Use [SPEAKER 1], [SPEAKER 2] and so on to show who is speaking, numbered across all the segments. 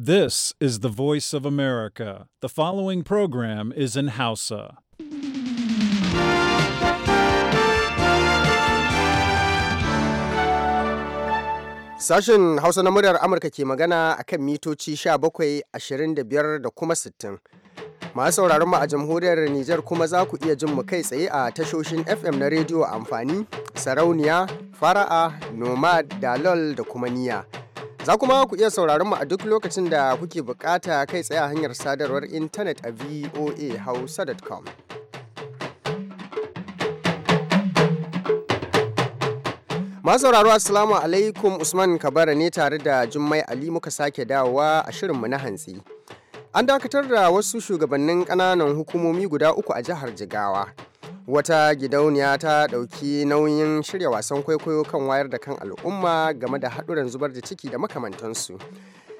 [SPEAKER 1] This is the voice of America. The following program is in Hausa.
[SPEAKER 2] Sashen Hausa na muryar Amurka ke magana a kan mitoci bakwai ashirin da kuma 60. Masu sauraron mu a jamhuriyar Nijar kuma za ku iya jin mu kai tsaye a tashoshin FM na rediyo amfani, sarauniya, fara'a, nomad, dalol da kuma niya. Za kuma ku iya sauraron mu a duk lokacin da kuke bukata kai tsaye a hanyar sadarwar intanet a voahausa.com. Masu sauraro Assalamu alaikum Usman Kabara ne tare da Jummai Ali muka sake dawowa a shirinmu na hantsi. An dakatar da wasu shugabannin ƙananan hukumomi guda uku a jihar Jigawa. wata gidauniya ta ɗauki nauyin shirya wasan kwaikwayo kan wayar da kan al'umma game da haɗuran zubar da ciki da makamantansu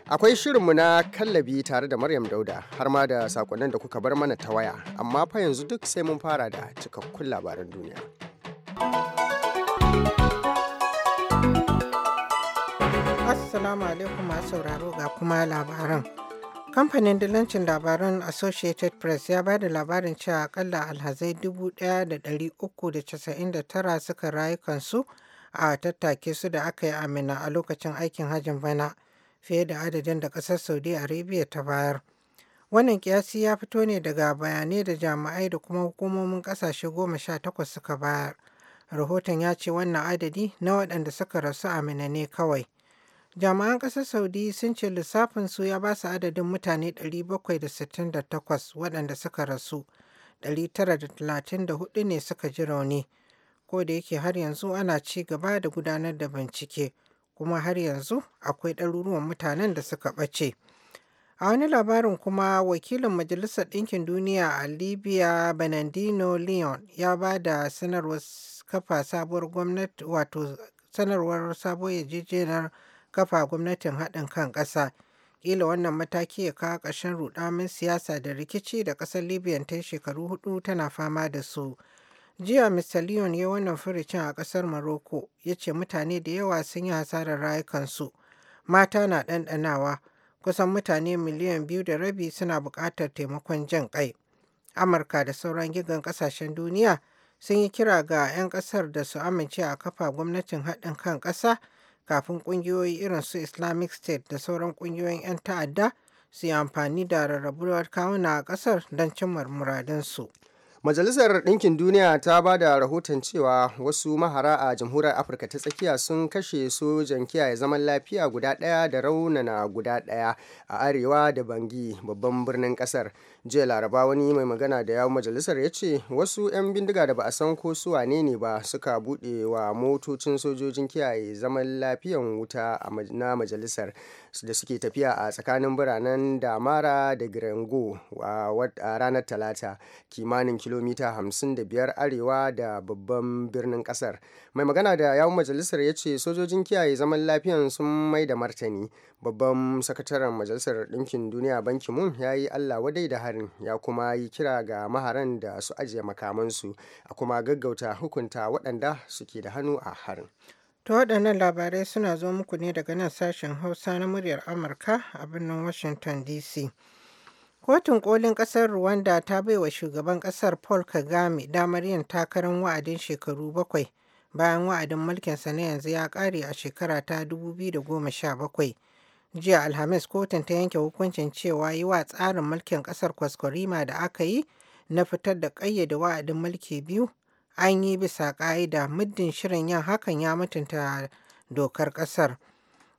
[SPEAKER 2] akwai shirinmu na kallabi tare da maryam dauda har ma da sakonnin da kuka bar mana ta waya amma fa yanzu duk sai mun fara da cikakkun labaran duniya
[SPEAKER 3] assalamu alaikum masu sauraro ga kuma labaran Kamfanin dalancin labaran Associated Press ya ba da labarin cewa akalla alhazai 1,399 suka rayukansu a tattake su da aka yi amina a lokacin aikin hajjin bana fiye da adadin da ƙasar Saudi Arabia ta bayar. Wannan kiyasi ya fito ne daga bayanai da jami'ai da kuma hukumomin ƙasashe goma sha takwas suka bayar. Rahoton ya ce wannan adadi na waɗanda suka rasu amina ne kawai. Jami'an ƙasar Saudi sun ce lissafin su ya ba su adadin mutane 768 waɗanda suka rasu, 934 ne suka ji rauni. Ko da yake har yanzu ana ci gaba da gudanar da bincike, kuma har yanzu akwai ɗaruruwan mutanen da suka ɓace. A wani labarin kuma wakilin Majalisar Ɗinkin Duniya a Libya Benandino Leon ya ba da sanarwar kafa sabuwar gwamnati wato sanarwar sabuwar yarjejeniyar kafa gwamnatin haɗin kan ƙasa ƙila wannan mataki ya kawo ƙarshen rudamin siyasa da rikici da ƙasar libya ta shekaru hudu tana fama da su jiya mr leon ya wannan furucin a ƙasar morocco ya ce mutane da yawa sun yi hasarar rayukansu mata na ɗanɗanawa kusan mutane miliyan biyu da rabi suna buƙatar taimakon jin ƙai amurka da sauran gigan ƙasashen duniya sun yi kira ga 'yan ƙasar da su amince a kafa gwamnatin haɗin kan ƙasa kafin ƙungiyoyi irin su Islamic State da sauran ƙungiyoyin 'yan ta'adda su yi amfani da rarrabuwar kawuna a kasar don cimma muradinsu.
[SPEAKER 2] Majalisar Ɗinkin Duniya ta ba da rahoton cewa wasu mahara a jamhuriyar Afirka ta tsakiya sun kashe sojan kiyaye zaman lafiya guda ɗaya da raunana guda ɗaya a arewa da Bangi babban birnin ƙasar. jiya laraba wani mai magana da yawon majalisar ya ce wasu 'yan bindiga da ba a san ko su wane ne ba suka buɗe wa motocin sojojin kiyaye zaman lafiyan wuta na majalisar da suke tafiya a tsakanin biranen damara da grango a ranar talata kimanin kilomita 55 arewa da babban birnin kasar mai magana da yawun majalisar ya ce sojojin kiyaye zaman lafiyan sun mai da martani babban sakataren majalisar ɗinkin duniya banki mun ya yi allah wadai da harin ya kuma yi kira ga maharan da su ajiye makamansu a kuma gaggauta hukunta waɗanda suke da hannu a harin
[SPEAKER 3] ta waɗannan labarai suna zo muku ne daga nan sashen hausa na muryar amurka a birnin washington dc Kotun kolin ƙasar Rwanda ta baiwa shugaban ƙasar Paul Kagame damar yin takarar wa'adin shekaru bakwai bayan wa'adin mulkinsa na yanzu ya ƙare a shekara ta 2017. Jiya Alhamis kotun ta yanke hukuncin cewa yi wa tsarin mulkin ƙasar kwaskwarima da aka yi na fitar da ƙayyade wa'adin mulki biyu an yi bisa ƙa'ida muddin shirin yin hakan ya mutunta dokar ƙasar.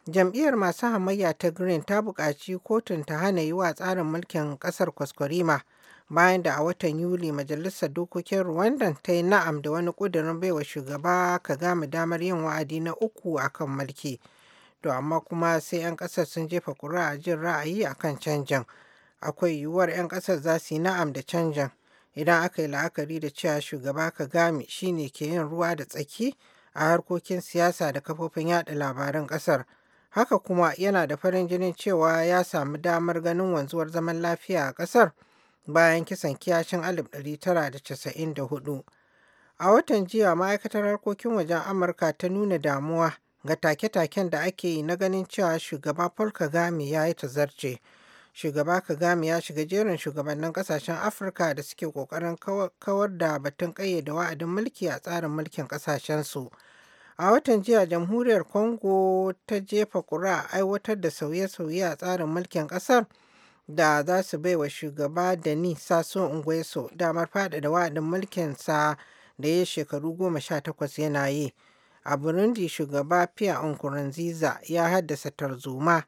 [SPEAKER 3] Jam'iyyar masu hamayya ta Green ta buƙaci kotun ta hana yi wa tsarin mulkin ƙasar kwaskwarima. bayan da a watan Yuli Majalisar Dokokin Rwandan ta yi na'am da wani ƙudurin baiwa shugaba ka gami damar yin wa'adi na uku a kan mulki. To amma kuma sai 'yan ƙasar sun jefa ƙuri'a jin ra'ayi a kan canjin. Akwai yiwuwar 'yan ƙasar za su yi na'am da canjin idan aka yi la'akari da cewa shugaba ka gami shine ke yin ruwa da tsaki a harkokin siyasa da kafofin yada labaran ƙasar. Haka kuma yana da farin jinin cewa ya samu damar ganin wanzuwar zaman lafiya a ƙasar. bayan kisan kiyashin 1994. A watan jiya ma'aikatar harkokin wajen Amurka ta nuna damuwa ga take-taken da ake yi na ganin cewa shugaba Paul Kagame ya yi tazarce. Shugaba Kagame ya shiga jerin shugabannin kasashen Afirka da suke ƙoƙarin kawar da batun da wa'adin mulki a tsarin mulkin kasashensu. A watan jiya jamhuriyar Congo ta jefa ƙura aiwatar da sauye-sauye a tsarin mulkin ƙasar. da za su bai wa shugaba Denis Sassou Nguesso damar faɗaɗa wa'adin mulkinsa da ya shekaru goma sha takwas yana yi. A Burundi shugaba Pierre Nkurunziza ya haddasa tarzoma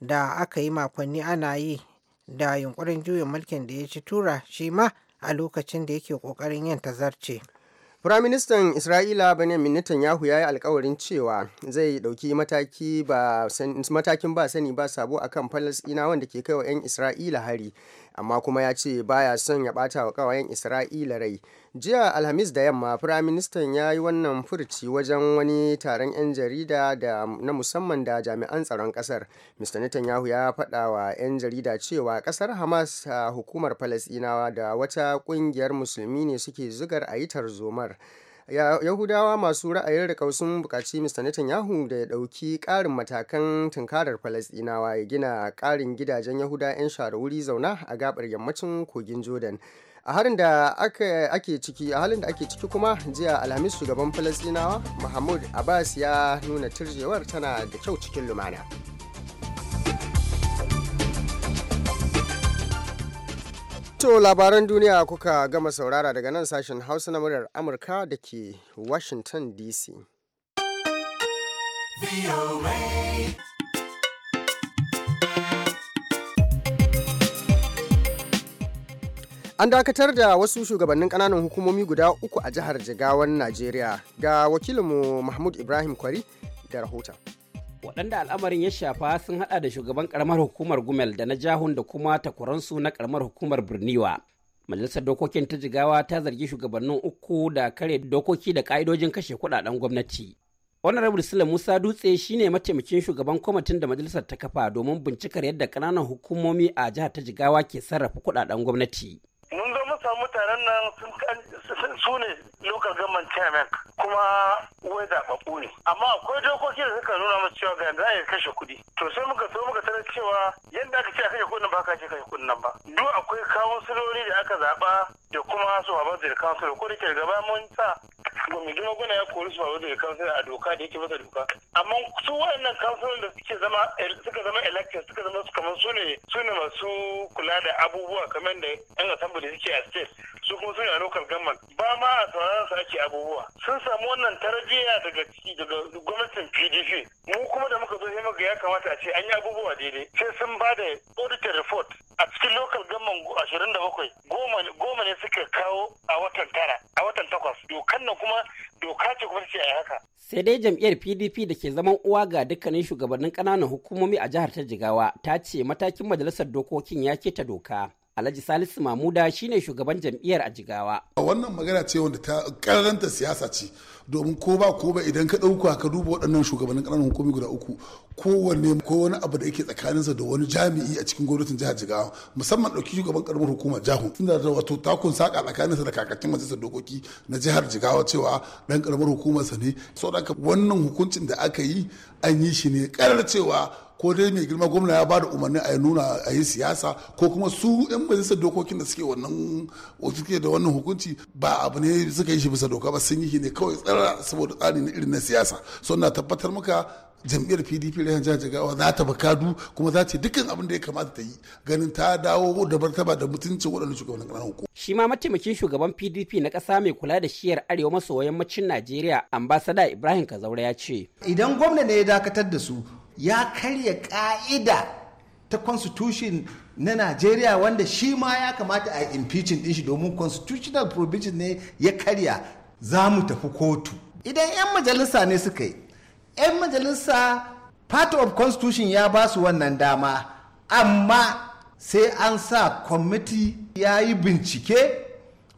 [SPEAKER 3] da aka yi makonni ana yi da yunkurin juyin mulkin da ya ci tura shi ma a lokacin da yake ƙoƙarin yin tazarce.
[SPEAKER 2] Firaministan Isra'ila Benjamin Netanyahu ya yi alkawarin cewa zai ɗauki matakin ba sani ba sabo akan falasɗina wanda ke kaiwa 'yan Isra'ila hari amma kuma ya ce baya son ya ɓata wa ƙawayen isra'ila rai jiya alhamis da yamma firaministan ya yi wannan furci wajen wani taron 'yan jarida da na musamman da jami'an tsaron kasar mr netanyahu ya faɗa wa 'yan jarida cewa kasar hamas hukumar falasinawa da wata ƙungiyar musulmi ne suke zugar a yi tarzomar Yahudawa masu ra'ayin da sun bukaci Mr. Netanyahu da ya ɗauki ƙarin matakan tunkarar Falasɗinawa ya gina ƙarin gidajen Yahuda 'yan share wuri zauna a gabar yammacin kogin Jordan. a harin da ake ciki a halin da ake ciki kuma jiya alhamis shugaban falasdinawa mahmud abbas ya nuna turjewar tana da kyau cikin lumana To labaran duniya kuka gama saurara daga nan sashen Hausa na muryar Amurka da ke Washington DC. An dakatar da wasu shugabannin kananan hukumomi guda uku a jihar Jigawan Najeriya ga wakilinmu Mahmud Ibrahim Kwari da rahoton.
[SPEAKER 4] waɗanda al'amarin ya shafa sun hada da shugaban karamar hukumar gumel da na jahun da kuma takwaransu na karamar hukumar birniwa majalisar dokokin ta jigawa ta zargi shugabannin uku da kare dokoki da ka'idojin kashe kuɗaɗen gwamnati honorable sule musa dutse shine mataimakin shugaban kwamitin da majalisar ta kafa domin bincikar yadda ƙananan hukumomi a jihar ta jigawa ke sarrafa kuɗaɗen gwamnati mun
[SPEAKER 5] zo mu nan su ne local government chairman kuma wai zaɓaɓɓu ne amma akwai dokoki da suka nuna masu cewa ga za ya kashe kuɗi to sai muka so muka tarar cewa yadda aka ce a kashe kuɗin ba ka ce kashe kuɗin nan ba duk akwai kawun da aka zaɓa da kuma su haɓar da kansu ko da ke gaba mun sa domin girma gona ya kori su ba ya kansila a doka da yake masa doka amma su waɗannan kansilan da suke zama suka zama elected suka zama su kamar su ne su ne masu kula da abubuwa kamar da yan assembly suke a state su kuma su ne a local government ba ma a sauraron su ake abubuwa sun samu wannan tarbiyya daga daga gwamnatin PDP mu kuma da muka zo sai muka ya kamata a ce an yi abubuwa daidai sai sun ba da auditor report a cikin local government 27 da bakwai goma ne suka kawo a watan tara a watan takwas dokan nan kuma doka ce kuma a haka. Sai dai
[SPEAKER 4] jam'iyyar PDP da ke zaman uwa ga dukkanin shugabannin ƙananan hukumomi a jihar ta Jigawa ta ce matakin majalisar dokokin ya ta doka. Alhaji Salisu Mamuda shine shugaban jam'iyyar a Jigawa.
[SPEAKER 6] Wannan magana ce wanda ta karanta siyasa ce domin ko ba ko ba idan ka ɗauka ka duba waɗannan shugabannin ƙananan hukumi guda uku kowanne ko wani abu da yake tsakaninsa da wani jami'i a cikin gwamnatin jihar Jigawa musamman ɗauki shugaban ƙaramar hukumar jahu tunda da wato takun saka tsakaninsa da kakakin majalisar dokoki na jihar Jigawa cewa ɗan ƙaramar sa ne saboda wannan hukuncin da aka yi an yi shi ne ƙarar cewa ko dai mai girma gwamna ya ba da umarni a nuna a yi siyasa ko kuma su 'yan majalisar dokokin da suke wannan suke da wannan hukunci ba abu ne suka yi shi bisa doka ba sun yi shi ne kawai tsara saboda tsari na irin na siyasa so na tabbatar maka jam'iyyar pdp rahin jihar jigawa za ta bakadu kuma za ta dukkan abin da ya kamata ta yi ganin ta dawo da martaba da mutuncin waɗanda shugabannin ƙananan hukuma. shi ma mataimakin shugaban
[SPEAKER 4] pdp na ƙasa mai kula da shiyar arewa maso yammacin najeriya ambasada ibrahim kazaura ya
[SPEAKER 7] ce idan gwamna ne ya dakatar da su ya karya ka'ida ta constitution na najeriya wanda shi ma ya kamata a impeaching din shi domin constitutional provision ne ya karya za mu tafi kotu idan 'yan majalisa ne suka yi 'yan majalisa part of constitution ya ba su wannan dama amma sai an sa kwamiti ya yi bincike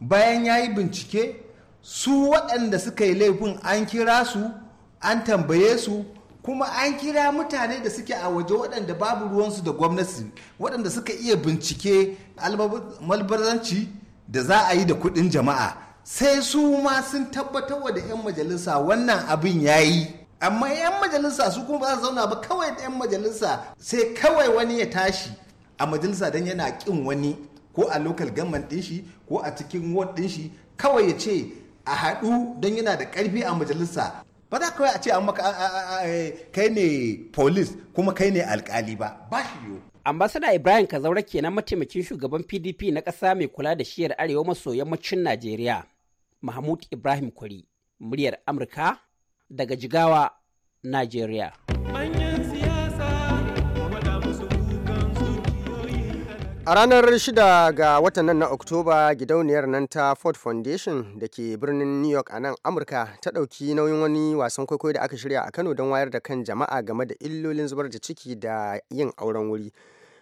[SPEAKER 7] bayan ya yi bincike su waɗanda suka yi laifin an kira su an tambaye su kuma an kira mutane da suke a waje waɗanda babu ruwansu da gwamnati waɗanda suka iya bincike malbaranci da za a yi da kuɗin jama'a sai su ma sun tabbatar wa da 'yan majalisa wannan abin ya yi amma 'yan majalisa su kuma za su zauna ba kawai 'yan majalisa sai kawai wani ya tashi a majalisa don yana ƙin wani ko a lokal government ɗin shi ko a cikin ward ɗin shi kawai ya ce a haɗu don yana da ƙarfi a majalisa ba za kawai a ce an maka eh, kai ne police kuma kai ne alkali ba ba shi yiwu
[SPEAKER 4] ambasada ibrahim kazaura kenan mataimakin shugaban pdp na ƙasa mai kula da shiyar arewa maso yammacin najeriya mahmud ibrahim kwari muryar amurka daga jigawa
[SPEAKER 2] najeriya A ranar 6 ga watan nan na Oktoba gidauniyar nan ta Ford Foundation da ke birnin New York a nan Amurka ta ɗauki nauyin wani wasan kwaikwayo da aka shirya a Kano don wayar da kan jama'a game da illolin zubar da ciki da yin auren wuri.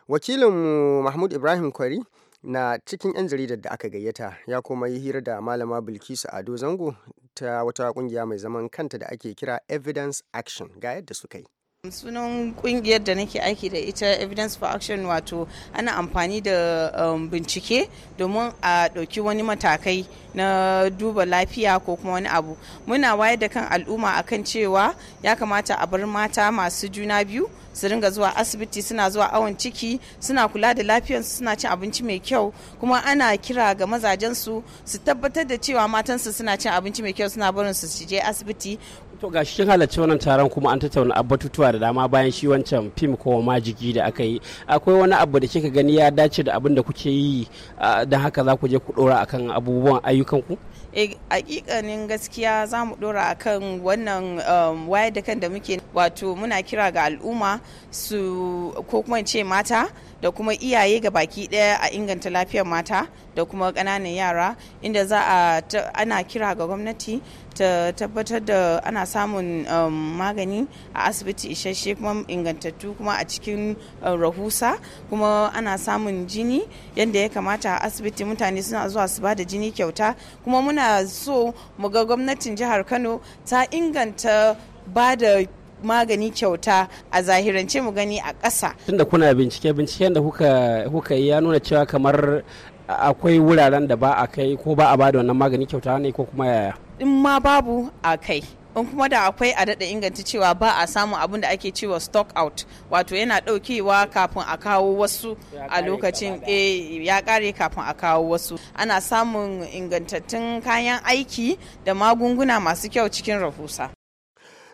[SPEAKER 2] Wakilinmu Mahmud Ibrahim Kwari na cikin 'yan jaridar da aka gayyata ya koma yi hira da malama Bilkisu Ado Zango ta wata kungiya mai zaman kanta da ake kira Evidence Action ga yadda suka yi.
[SPEAKER 8] sunan kungiyar da nake aiki da ita evidence for action wato ana amfani da um, bincike domin a ɗauki wani matakai na duba lafiya ko kuma wani abu muna wayar da kan al'umma akan cewa ya kamata a bar mata masu juna biyu su ringa zuwa asibiti suna zuwa awon ciki suna kula da lafiyarsu suna cin abinci mai kyau kuma ana kira ga mazajensu su tabbatar da cewa matansu suna cin abinci mai kyau suna barin su je asibiti to
[SPEAKER 4] ga shi halarci wannan taron kuma an tattauna a batutuwa da dama bayan shi wancan fim ko majigi da aka yi akwai wani abu da kika gani ya dace da abin da kuke yi don haka za ku je ku dora akan abubuwan ayyukan ku
[SPEAKER 8] eh, hakikanin gaskiya za mu dora akan wannan um, wayar da kan da muke wato muna kira ga al'umma su ko kuma ce mata da kuma iyaye ga baki daya a inganta lafiyar mata da kuma ƙananan yara inda za a ana kira ga gwamnati ta tabbatar da ana samun um, magani a asibiti isasshe kuma ingantattu kuma a cikin uh, rahusa kuma ana samun jini yadda ya kamata a asibiti mutane suna zuwa su ba da jini kyauta kuma muna so mu ga gwamnatin jihar kano ta inganta ba da magani kyauta a zahirance mu gani a ƙasa.
[SPEAKER 4] Tunda kuna bincike binciken da kuka yi ya nuna cewa kamar akwai wuraren da ba a kai ko ba a ba wannan magani kyauta ne ko kuma yaya.
[SPEAKER 8] In ma babu a kai. in kuma da akwai a daɗa inganta cewa ba a samun abin da ake cewa stock out wato yana ɗaukewa kafin a kawo wasu a lokacin eh, ya ƙare kafin a kawo wasu ana samun ingantattun kayan aiki da magunguna masu kyau cikin rahusa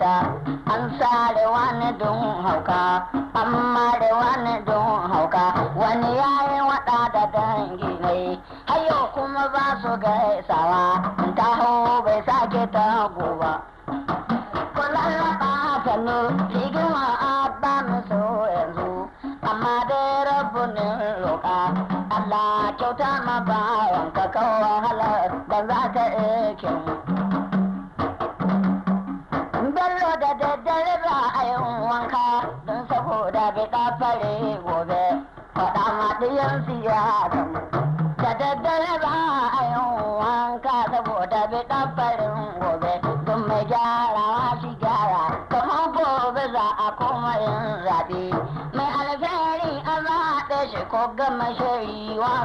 [SPEAKER 1] mata an sare wani don hauka an mare wani don hauka wani ya yi wada da dangi ne hayo kuma ba su gaisawa hau bai sake tago ba kullum ba ta nuru kyauta ma bawan ka kawo wahala ban za ka iya kyau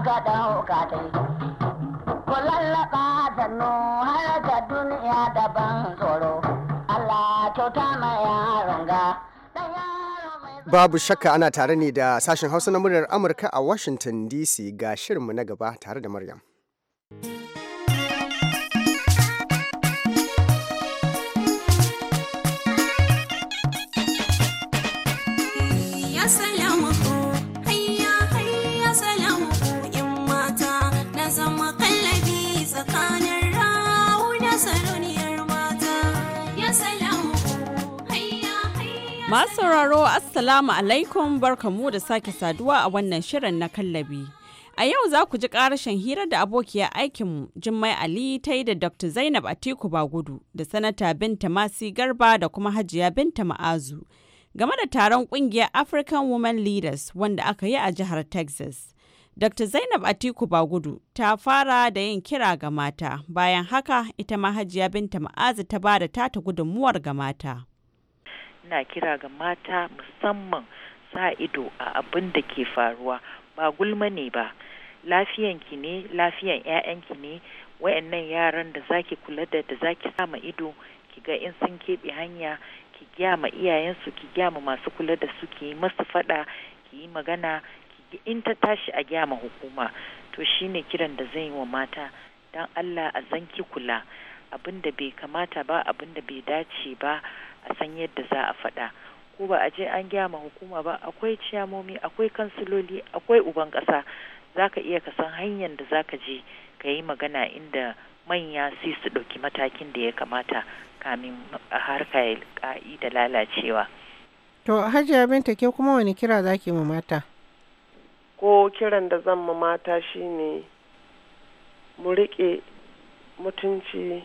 [SPEAKER 1] ka ɗauka ta yi. Ku lallaɓa da har da duniya daban tsoro, Allah kyauta ma yaron ga.
[SPEAKER 2] Babu shakka ana tare ne da sashen Hausa na muryar Amurka a Washington DC ga shirinmu na gaba tare da Maryam.
[SPEAKER 9] Masu sauraro Assalamu alaikum barkamu da sake saduwa a wannan shirin na kallabi. A yau za ku ji ƙarashin hira da abokiyar aikinmu Jummai Ali ta yi da Dr. Zainab Atiku Bagudu da Sanata Binta Masi Garba da kuma Hajiya Binta Ma'azu game da taron ƙungiyar African Women Leaders wanda aka yi a jihar Texas. Dr. Zainab Atiku Bagudu ta fara da yin kira ga mata, bayan haka ita ma Hajiya Binta Ma'azu ta ba da tata gudunmuwar ga mata.
[SPEAKER 10] ina kira ga mata musamman sa ido a abin da ke faruwa ba gulma ne ba lafiyanki ne lafiyan 'ya'yanki ne wayannan yaran da zaki kula da da zaki sama ido ki ga in sun keɓe hanya ki gya ma iyayensu ki gya ma masu kula da su ki yi masu faɗa ki yi magana in ta tashi a gya ma hukuma to shine kiran da zan yi wa mata don allah a zanki kula abin da bai kamata ba abin da bai dace ba a san yadda za a faɗa ko ba a je an gyama hukuma ba akwai ciyamomi akwai kansiloli akwai uban ƙasa za ka iya kasan san hanyar da za ka je ka yi magana inda manya sai su ɗauki matakin da ya kamata kamin harka ya ƙa'i da lalacewa.
[SPEAKER 3] To Hajiya Binta ke kuma wani kira za ki mata?
[SPEAKER 11] Ko kiran da zan mata ne mu riƙe mutunci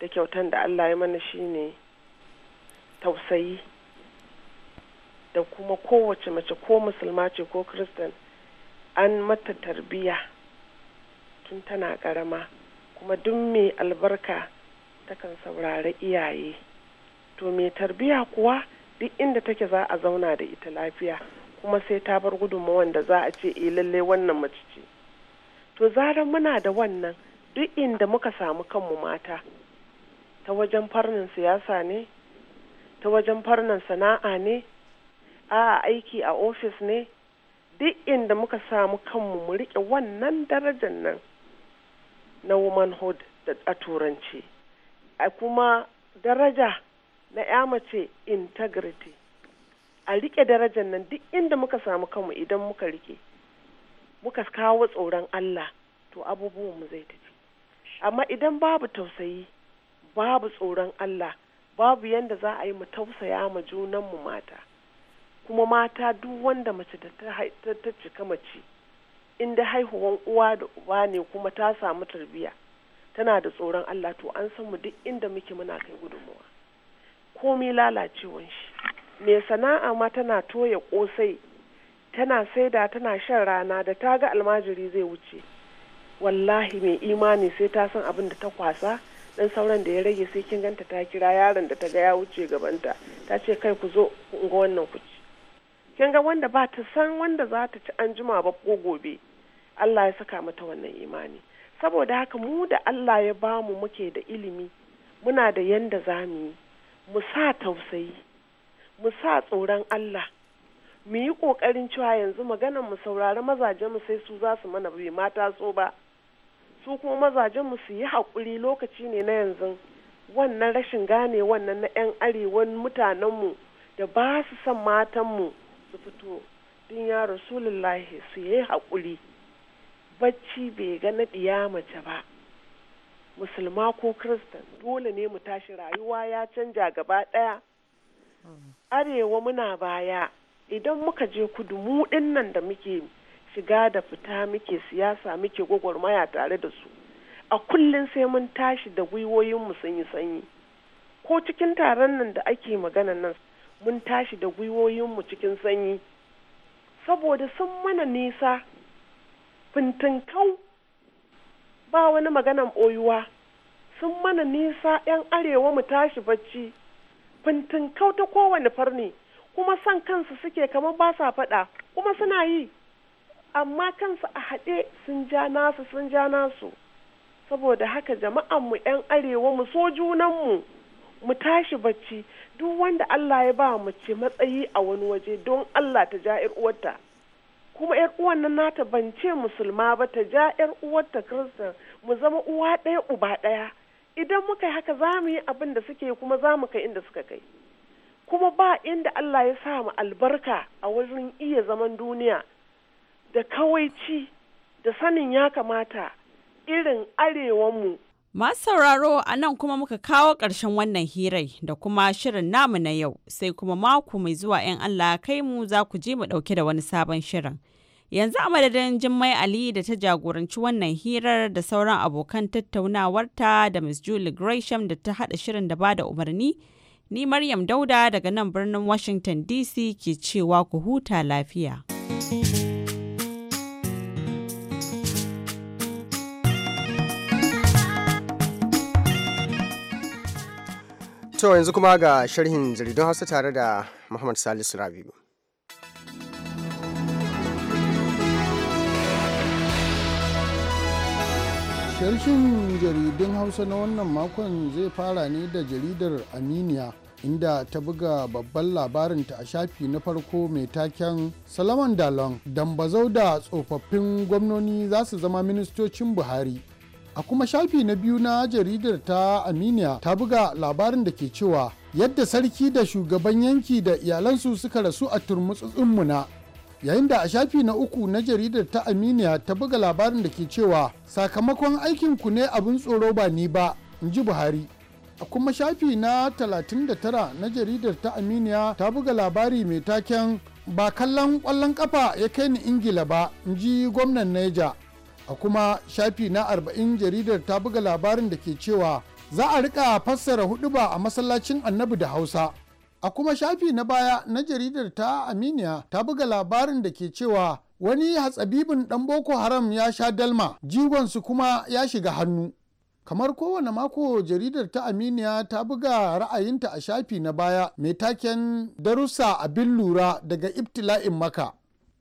[SPEAKER 11] da kyautan da Allah ya mana ne. tausayi da kuma kowace mace ko musulma ce ko kristan an mata tarbiya tun tana ƙarama kuma duk mai albarka takan saurari iyaye to mai tarbiya kuwa duk inda take za a zauna da ita lafiya kuma sai ta bar gudunmawan da za a ce e lallai wannan mace ce to zarar muna da wannan duk inda muka samu kanmu mata ta wajen farnin siyasa ne ta wajen farnan sana'a ne a aiki a ofis ne duk inda muka samu kanmu mu riƙe wannan darajar nan na womanhood a turanci a kuma daraja na ya mace integrity a riƙe darajar nan duk inda muka samu kanmu idan muka riƙe muka kawo tsoron Allah to mu zai tafi amma idan babu tausayi babu tsoron Allah babu yanda za a yi mu tausaya ma mu mata kuma mata duk wanda mace da ta cika mace inda haihuwan uwa da uba ne kuma ta samu tarbiyya tana da tsoron Allah to an san mu duk inda muke muna kai gudunmuwa komai lalacewan shi mai sana'a ma tana toya kosai tana saida tana shan rana da ta ga almajiri zai wuce wallahi mai imani sai ta san abin da ta kwasa dan sauran da ya rage sai kin ganta ta kira yaron da ta ga ya wuce gabanta ta ce kai ku zo ga wannan ku ci kin ga wanda ba ta san wanda za ta ci an jima ba ko gobe Allah ya saka mata wannan imani saboda haka mu da Allah ya bamu muke da ilimi muna da yanda za mu yi mu sa tausayi mu sa tsoron Allah mu yi ƙoƙarin cewa yanzu maganar mu saurari mazajen mu sai su za su mana bai mata so ba su kuma mu su yi haƙuri lokaci ne na yanzu wannan rashin gane wannan na 'yan arewan mutanenmu da ba su son matanmu su fito din ya rasulullahi su yi haƙuri bacci bai ga na ɗiya mace ba musulma ko kristan dole ne mu tashi rayuwa ya canja gaba ɗaya mm. arewa muna baya idan muka je kudu mu nan da muke shiga da fita muke siyasa muke gwagwarmaya tare da su a kullum sai mun tashi da gwiwoyinmu sanyi sanyi ko cikin taron nan da ake magana nan mun tashi da gwiwoyinmu cikin sanyi saboda sun mana nisa fintinkau ba wani maganan ɓoyuwa sun mana nisa 'yan arewa mu tashi bacci fintinkau ta kowane farni kuma san kansu suke kamar ba sa faɗa kuma suna yi amma kansu a haɗe sun ja nasu sun ja nasu saboda haka jama'an mu 'yan arewa mu so junanmu mu tashi bacci duk wanda Allah ya ba mu ce matsayi a wani waje don Allah ta ja 'yar uwarta kuma 'yar uwan nan nata ban ce musulma ba ta ja 'yar uwarta kristan mu zama uwa ɗaya uba ɗaya idan muka yi haka za mu yi abin da suke kuma za mu kai inda suka kai kuma ba inda Allah ya sa mu albarka a wajen iya zaman duniya da kawaici da sanin ya kamata irin
[SPEAKER 9] arewanmu. Masu sauraro a nan kuma muka kawo ƙarshen wannan hirai da kuma shirin namu na yau sai kuma mako mai zuwa 'yan Allah kai mu za ku je mu ɗauke da wani sabon shirin. Yanzu a madadin Jummai Ali da ta jagoranci wannan hirar da sauran abokan tattaunawarta da ms Julie Gresham da ta haɗa shirin da ba da umarni, ni Maryam Dauda daga nan birnin Washington DC ke cewa ku huta lafiya.
[SPEAKER 2] To yanzu kuma ga sharhin jaridun Hausa tare da Muhammad Salisu Rabiu.
[SPEAKER 6] sharhin jaridun Hausa na wannan makon zai fara ne da jaridar Aminiya inda ta buga babban labarinta a shafi na farko mai taken Salaman Dalon, dambazau da tsofaffin gwamnoni za su zama ministocin Buhari. a kuma shafi na biyu na jaridar ta aminiya ta buga labarin da ke cewa yadda sarki da shugaban yanki da iyalansu suka rasu a turmutsutsun muna yayin da a shafi na uku na jaridar ta aminiya ta buga labarin da ke cewa sakamakon aikinku ne abin tsoro ba ni ba in ji buhari a kuma shafi na 39 na jaridar ta aminiya ta buga labari mai taken ba kallon kwallon kafa ya kai ni ingila ba in ji gwamnan neja a kuma shafi na arba'in jaridar ta buga labarin da ke cewa za a rika fassara huduba a masallacin annabi da hausa a kuma shafi na baya na jaridar ta aminiya ta buga labarin da ke cewa wani hatsabibin dan boko haram ya sha dalma jigonsu kuma ya shiga hannu kamar kowane mako jaridar ta aminiya ta buga ra'ayinta a shafi na baya mai taken darussa abin lura daga ibtila'in maka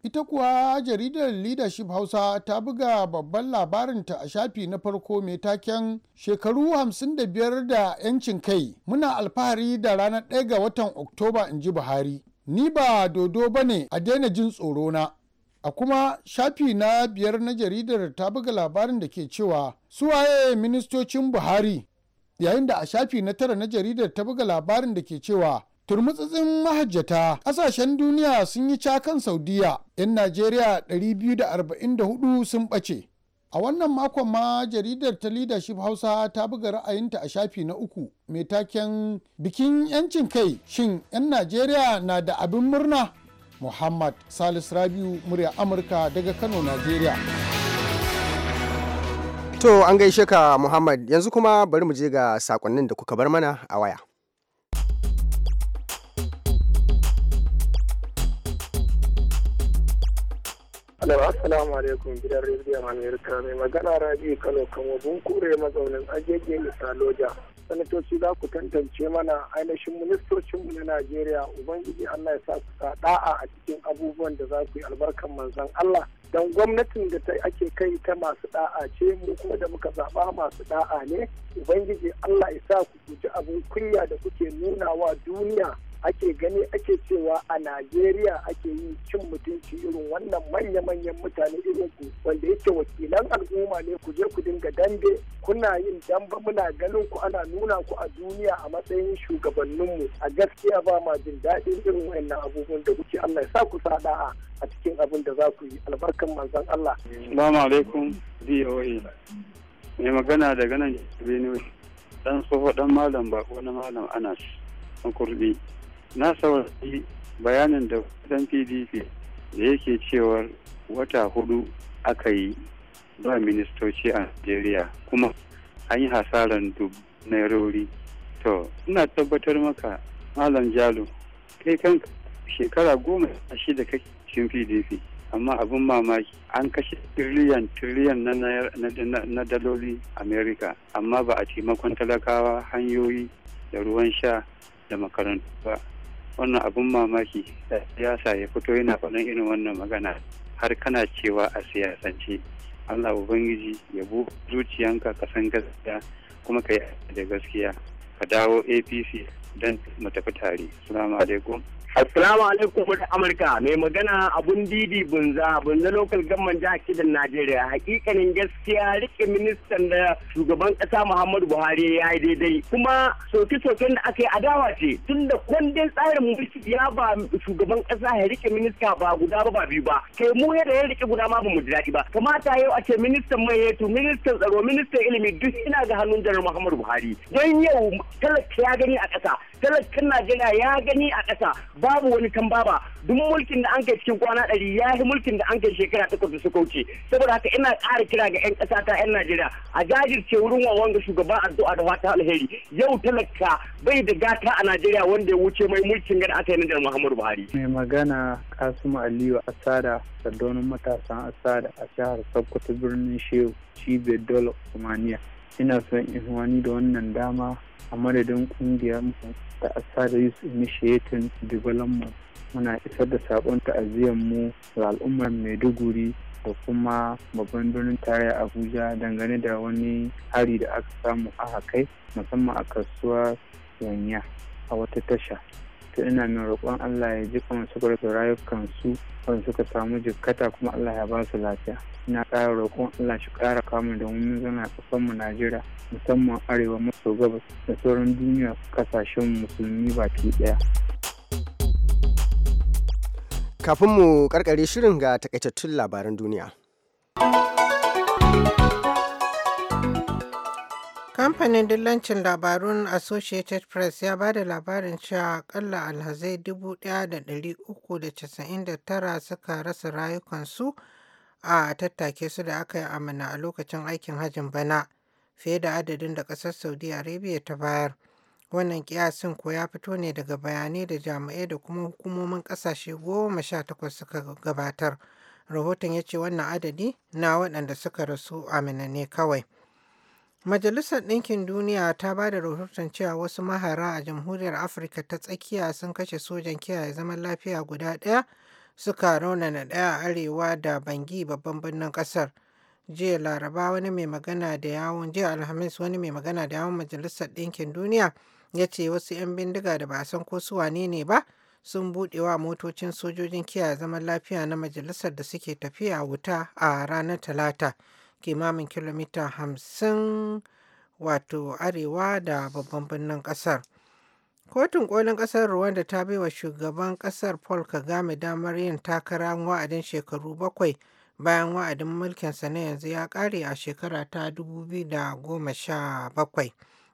[SPEAKER 6] Ita kuwa jaridar Leadership Hausa ta buga babban labarinta a shafi na farko mai taken shekaru 55 da 'yancin kai. Muna alfahari da ranar 1 ga watan Oktoba in ji Buhari. Ni ba dodo ba ne a daina jin tsoro na. A kuma shafi na biyar na jaridar ta buga labarin da ke cewa suwaye ministocin Buhari. Yayin da a shafi na tara na jaridar ta buga labarin da ke cewa turmutsutsin mahajjata ƙasashen duniya sun yi cakan saudiya 'yan najeriya 244 sun ɓace a wannan makon ma jaridar ta leadership hausa ta buga ra'ayinta a shafi na uku mai taken bikin 'yancin kai shin 'yan najeriya na da abin murna muhammad salis rabiu murya amurka daga kano najeriya to an
[SPEAKER 2] gaishe ka muhammad yanzu kuma bari mu je ga sakonnin da kuka bar mana a waya
[SPEAKER 5] Hello, assalamu alaikum gidan rediyon Amerika mai magana Rabi Kano Kano bun kure mazaunin isa loja. Sanatoci za ku tantance mana ainihin
[SPEAKER 7] ministocinmu na Najeriya Ubangiji Allah ya sa ku sa da'a a cikin abubuwan da za ku yi albarkan manzan Allah. Don gwamnatin da ta ake kai ta masu da'a ce mu kuma da muka zaɓa masu da'a ne Ubangiji Allah ya sa ku ji abin kunya da kuke nuna wa duniya ake gani ake cewa a najeriya ake yi cin mutunci irin wannan manya-manyan mutane irin ku wanda yake wakilan al'umma ne ku je ku dinga dambe kuna yin damba muna ganin ku ana nuna ku a duniya a matsayin shugabanninmu a gaskiya ba ma jin daɗin irin wannan abubuwan da kuke allah ya sa ku sada'a a cikin
[SPEAKER 5] abin da za ku yi albarkan manzon allah salamu alaikum DOA. mai magana daga nan benue dan tsoho dan malam bako na malam anas an kurbi. na saurari bayanin da kusan pdp da yake cewar wata hudu aka yi ba ministoci a nigeria kuma an yi hasaran nairori to ina tabbatar maka malam jalo kai kan shekara goma a shida kake cikin pdp amma abin mamaki an kashe tiriyan tiriyan na daloli america amma ba a taimakon talakawa hanyoyi da ruwan sha da makarantu ba wannan abin mamaki da siyasa ya fito yana faɗin irin wannan magana har kana cewa a siyasance allah ubangiji ya bu zuciyanka ka san gaskiya kuma ka yi da gaskiya ka dawo apc don mu tafi tare salamu alaikum Assalamu
[SPEAKER 4] alaikum wata Amurka mai magana abun didi bunza bunza lokal government jihar Kidan Najeriya hakikanin gaskiya rike ministan da shugaban kasa Muhammadu Buhari ya yi daidai kuma soke-soken da aka yi adawa ce tun da kundin tsarin mulki ya ba shugaban kasa ya rike minista ba guda ba biyu ba kai mu yadda ya rike guda ma ba mu ji daɗi ba kamata yau a ce ministan mai to ministan tsaro ministan ilimi duk ina ga hannun janar Muhammadu Buhari don yau talaka ya gani a kasa talakan Najeriya ya gani a kasa babu wani tambaba duk mulkin da an kai cikin kwana ɗari ya yi mulkin da an kai shekara takwas da suka wuce saboda haka ina ƙara kira ga 'yan ƙasa ta 'yan najeriya a
[SPEAKER 5] jajirce wurin wawan wanga shugaban addu'a da fata alheri yau talaka bai da gata a najeriya wanda ya wuce mai mulkin gada aka yi na muhammadu buhari. mai magana kasimu aliyu asada sardaunin matasan asada a jihar sokoto birnin shehu cibiyar dole usmaniya. ina son in wani da wannan dama a madadin kungiyar mu ta asada youth initiating development muna isar da sabon ta'aziyar mu ga al'ummar maiduguri da kuma babban birnin tarayya abuja dangane da wani hari da aka samu aka kai musamman a kasuwa yanya a wata tasha to ina min roƙon Allah ya ji kuma su rayukan rayukansu wanda suka samu jikkata kuma Allah ya ba su lafiya ina ƙara roƙon Allah shi ƙara kamu da mun zana ƙasar mu
[SPEAKER 2] Najeriya musamman arewa maso gabas da sauran duniya kasashen musulmi baki ɗaya. Kafin mu karkare shirin ga taƙaitattun labaran duniya.
[SPEAKER 3] Kamfanin dillancin labarun Associated Press ya ba da labarin cewa akalla alhazai 1,399 suka rasa rayukansu a tattake su da aka yi amina a lokacin aikin hajjin bana fiye da adadin da ƙasar Saudi Arabia ta bayar. Wannan kiyasin ko ya fito ne daga bayanai da jami'ai da kuma hukumomin ƙasashe goma sha takwas suka gabatar. Rahoton ya ce wannan adadi na waɗanda suka rasu amina ne kawai. Majalisar Ɗinkin Duniya ta ba da rahoton cewa wasu mahara a Jamhuriyar Afirka ta tsakiya sun kashe sojan kiyaye zaman lafiya guda ɗaya suka raunana ɗaya a arewa da Bangi babban birnin ƙasar. Jiya Laraba wani mai magana da yawon jiya Alhamis wani mai magana da yawon Majalisar Ɗinkin Duniya ya ce wasu 'yan bindiga da ba san ko su wane ne ba sun buɗe wa motocin sojojin kiyaye zaman lafiya na majalisar da suke tafiya wuta a ranar Talata. kimamin kilomita hamsin wato arewa da babban birnin ƙasar. Kotun kolin ƙasar Rwanda ta bai wa shugaban ƙasar Paul Kagame damar yin takara wa'adin shekaru bakwai bayan wa'adin mulkinsa na yanzu ya kare a shekara ta 2017.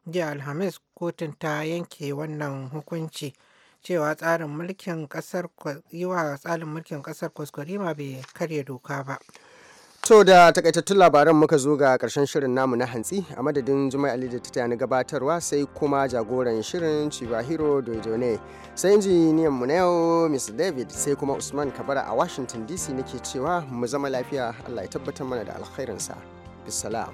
[SPEAKER 3] Jiya Alhamis kotun ta yanke wannan hukunci cewa tsarin mulkin kasar tsarin mulkin ƙasar kwaskwarima bai karya doka ba.
[SPEAKER 2] To da takaitattun labaran muka zo ga karshen shirin namu na hantsi a madadin Juma'a Ali da ta na gabatarwa sai kuma jagoran shirin Chibahiro ne Sai injiniyan mu na yau Mr. David sai kuma Usman Kabara a Washington DC nake cewa mu zama lafiya Allah ya tabbatar mana da alkhairinsa. Bisalam.